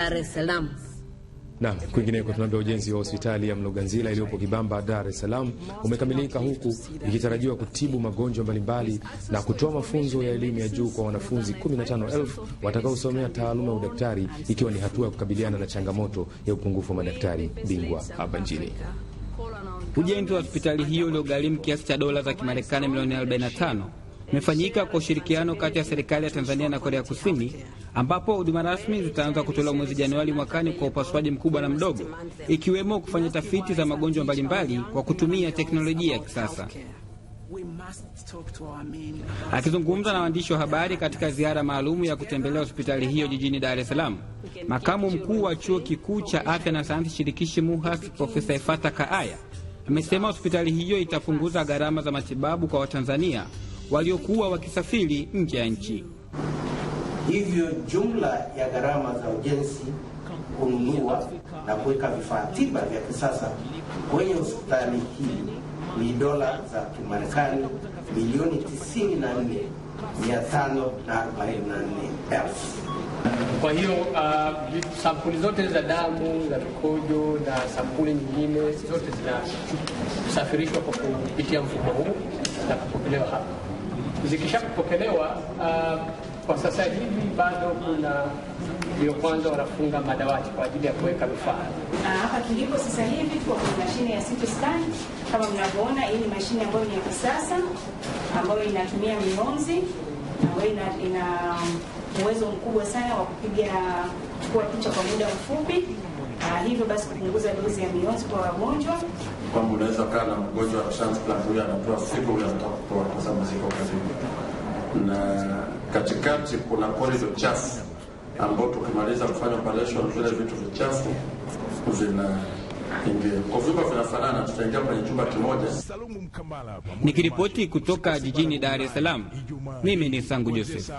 Dar es Salaam. Na kwingineko tunaambia ujenzi wa hospitali ya Mloganzila iliyopo Kibamba, Dar es Salaam umekamilika huku ikitarajiwa kutibu magonjwa mbalimbali na kutoa mafunzo ya elimu ya juu kwa wanafunzi 15,000 watakaosomea taaluma ya udaktari ikiwa ni hatua ya kukabiliana na changamoto ya upungufu wa madaktari bingwa hapa nchini. Ujenzi wa hospitali hiyo uliogharimu kiasi cha dola za Kimarekani milioni 45 imefanyika kwa ushirikiano kati ya serikali ya Tanzania na Korea Kusini, ambapo huduma rasmi zitaanza kutolewa mwezi Januari mwakani kwa upasuaji mkubwa na mdogo, ikiwemo kufanya tafiti za magonjwa mbalimbali kwa kutumia teknolojia ya kisasa. Akizungumza na waandishi wa habari katika ziara maalumu ya kutembelea hospitali hiyo jijini Dar es Salaam, makamu mkuu wa chuo kikuu cha afya na sayansi shirikishi MUHAS Profesa Efata Kaaya amesema hospitali hiyo itapunguza gharama za matibabu kwa Watanzania waliokuwa wakisafiri nje ya nchi. Hivyo jumla ya gharama za ujenzi, kununua na kuweka vifaa tiba vya kisasa kwenye hospitali hii ni dola za Kimarekani milioni 94,544. Kwa hiyo uh, sampuli zote za damu za mikojo na sampuli nyingine zote zinasafirishwa kwa kupitia mfumo huu na kupokelewa hapa zikishapokelewa uh, kwa sasa hivi bado kuna ndio kwanza wanafunga madawati kwa ajili ya kuweka vifaa ah, hapa kilipo sasa hivi. Kwa mashine ya CT scan kama mnavyoona, hii ni mashine ambayo ni ya kisasa ambayo inatumia mionzi ambayo ina, ina um, uwezo mkubwa sana wa kupiga kuwa picha kwa muda mfupi, ah, hivyo basi kupunguza dozi ya mionzi kwa wagonjwa kwamba unaweza kaa na mgonjwa wa transplant, huyo anapewa siku huyo anataka kwa sababu ziko karibu, na katikati kuna korido chafu ambao tukimaliza kufanya operation vile vitu vichafu vina Nikiripoti kutoka jijini Dar es Salaam, mimi ni Sangu Joseph.